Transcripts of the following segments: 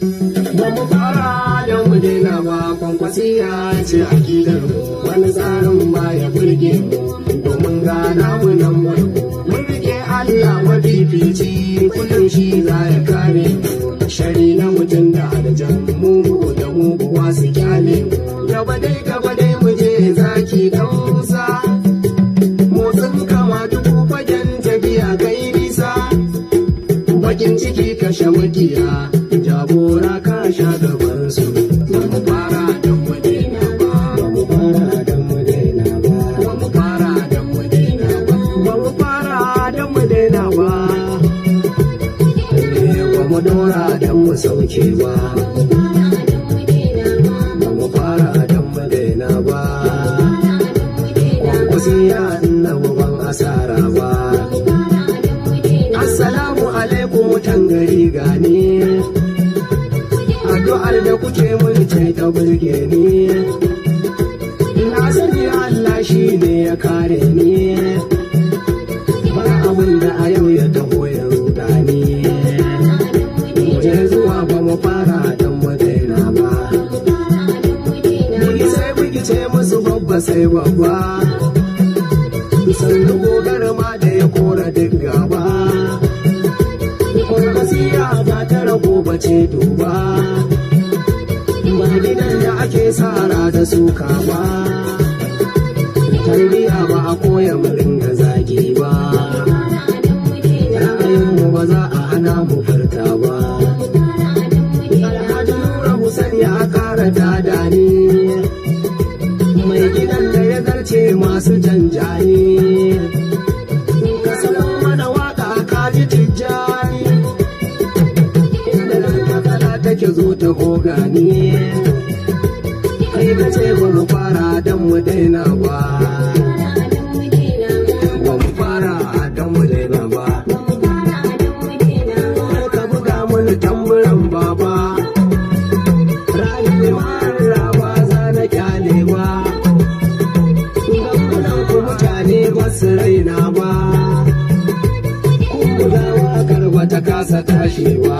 Ba mu fara da mu daina ba kwankwasiya ce a gidan wani tsarin ba ya burge mu domin gana mu nan mu. Mun rike Allah mafifici kullum shi za ya kare Shari na mutum da aljan mu da mu kuwa su kyale Gaba dai gaba dai mu je zaki kausa. Motsin kama duku fagen tafiya kai nisa. Bakin ciki kashe makiya. kuke mun ce ta burge ni na sani Allah shi ne ya kare ni ba abin da a yau ya taho ya ruda ni wajen zuwa ba mu fara dan madaina ba ni sai bugice musu babba sai babba sannan gogar ma da ya kora duk gaba Kwarkwasiya za ta rago ce duba. sara da suka ba tarbiya ba a koya mu ringa zagi ba ra'ayinmu ba za a hana mu farka ba alhaji nura husan ya kara dada ne mai gidan da ya garce masu janjani kasalin mana tijjani inda take zo ta na ce ba mu fara don daina ba ba mu fara don daina ba ka buga mana tamburan baba rayuwar rawa za na kyale ba don ku mutane ba su raina ba ku kula kar karba ta kasa tashewa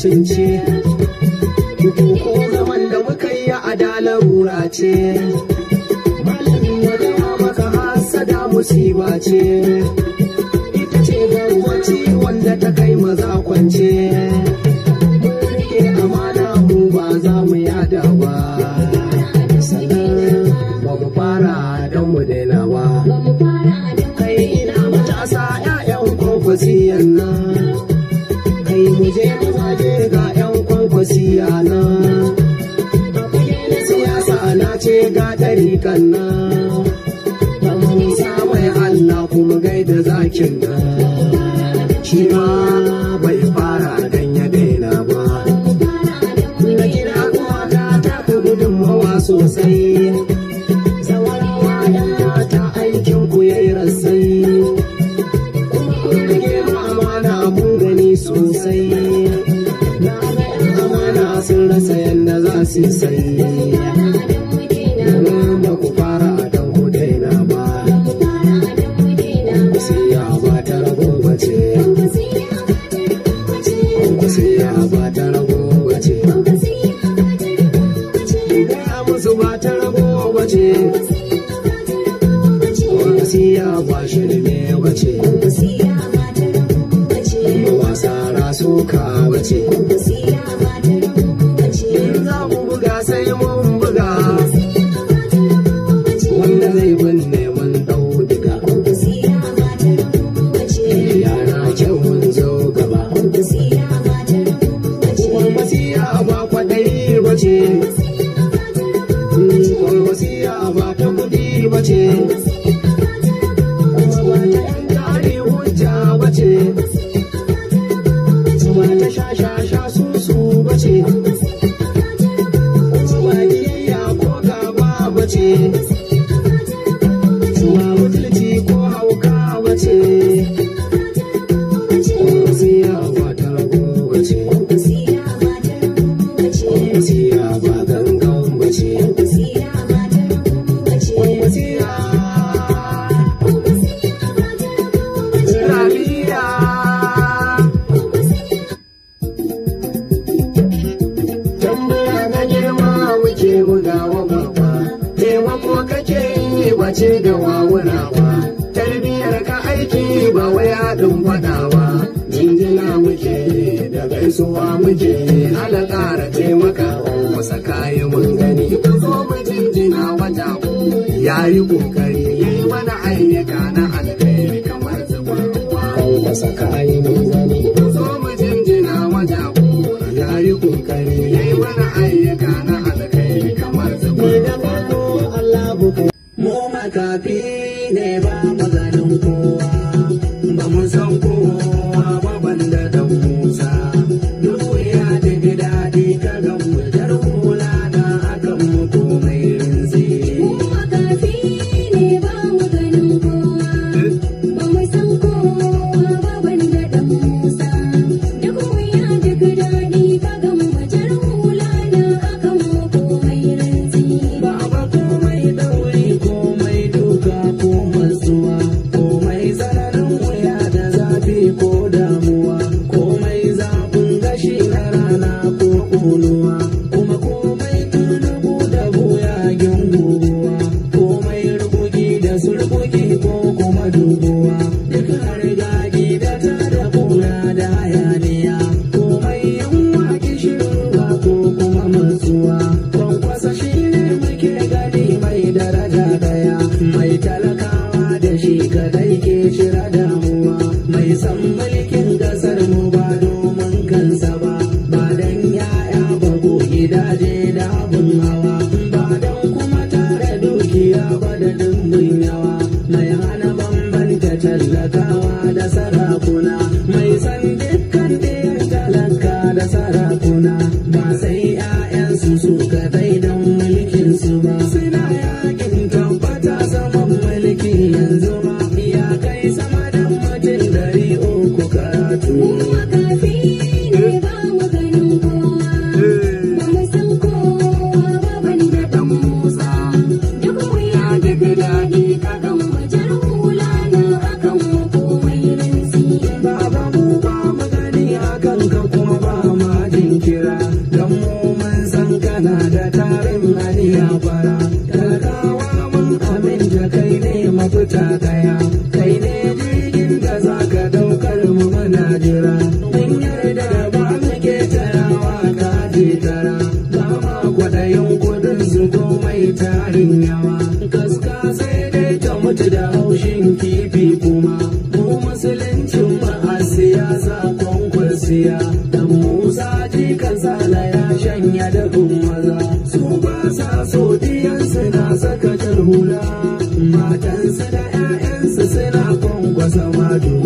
mutunci ko zaman da muka yi a dalarura ce malamin wajen maka hasada musiba ce ita ce garwaci wanda ta kai maza kwance kanna mai Allah kuma gaida zakin na shi ma bai fara dan ya daina ba na gina kwada ta ku gudummawa sosai ta aikin ku ya yi rassai kun rage amana mun gani sosai na amana sun rasa yadda za su yi kasuwa muje ala ƙara taimaka wasa kayan mangani ka zo mu jinjina wata ya yi ƙoƙari ya yi mana ayyuka na alkhairi kamar zuwa ruwa kayan mangani प्यारिया jira mun yarda da ba muke tarawa ga tara ba ma kwaɗayin kudin su mai tarin yawa Gaska sai dai ta mutu da haushin kifi kuma mu musuluncin ma a siyasa kwankwasiya dan musa jikan sala ya shanya dafin maza su ba sa so diyansu na saka hula matansu da 'ya'yansu suna kwankwasa mado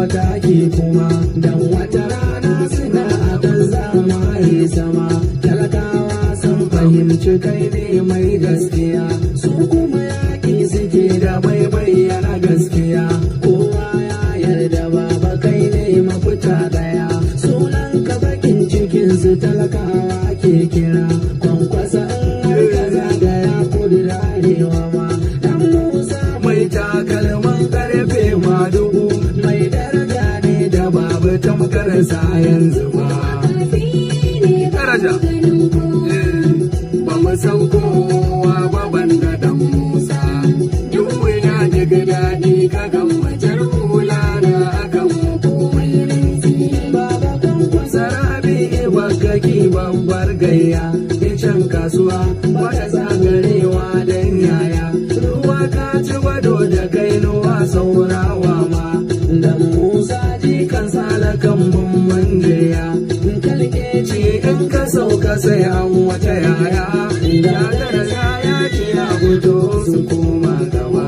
mataki kuma dan wata rana suna akan zamani sama talakawa sun fahimci kai ne mai gaskiya su kuma yaki suke da mai bayyana gaskiya kowa ya yarda baba kai ne mafita daya sunan ka bakin cikin su talakawa ke kira kwankwasa in har da ya kudu da arewa ma sa yanzu ba daraja eh, ba mu san kowa ba banda da musa duk ya ji daɗi ka gan majar kula na akan komai rinsi sarabi bakaki babbar gayya ya can kasuwa wata zagarewa dan yaya ruwa ka ci gwado da kai ruwa saura sai an wata yaya ya darasa ya ce ya gudu su koma gaba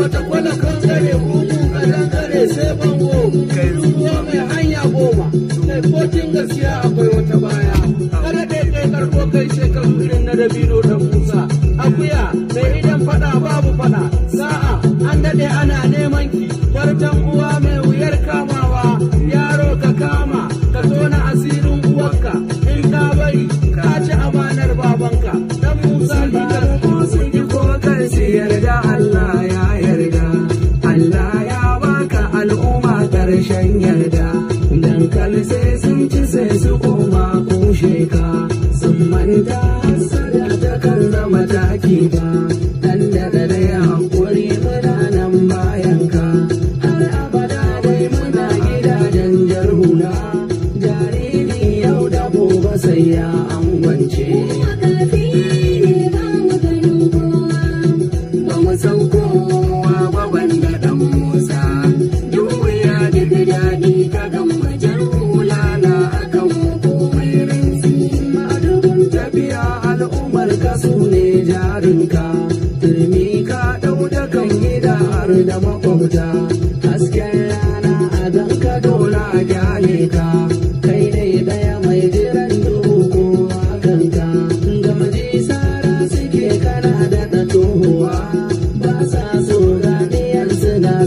Wata kwana kan ko kuka dan sai bango kai ruwa mai hanya goma kai kokin gaskiya akwai wata baya kada ɗaiɗai karko kai shekaru irin na dabino farcen uwa mai wuyar kamawa yaro ka kama ka tona asirin uwarka in ka bari ka ci amanar babanka dan musa likar sun yi kokar su yarda allah ya yarda allah ya baka al'umma karshen yarda Dankali sai sun ci sai su koma kushe ka sun manta sada ta kan zama ba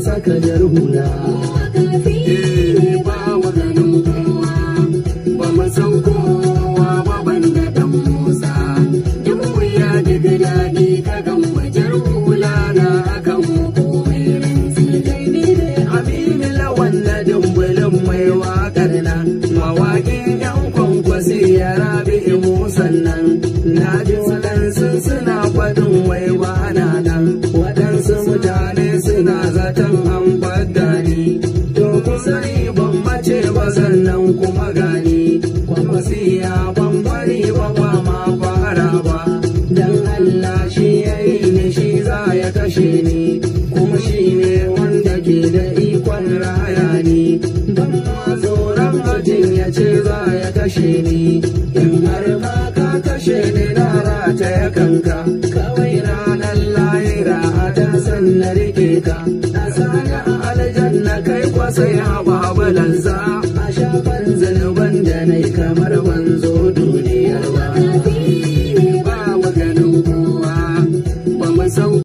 saka jar hula eh, ba wa ganin kowa ba mu san kowa ba ban da dan musa duk mu ya ji daɗi ka ga mu jar hula na akan mu komai rantsi amini lawan na dumbulin mai waƙar na. mawaƙin yan kwankwasi ya rabi musan nan na ji ce za ya kashe ni in har ma ka kashe ni na rata ya kanka kawai ranar layira a dan san na rike ka na sani a aljanna kai kwasa ya babalan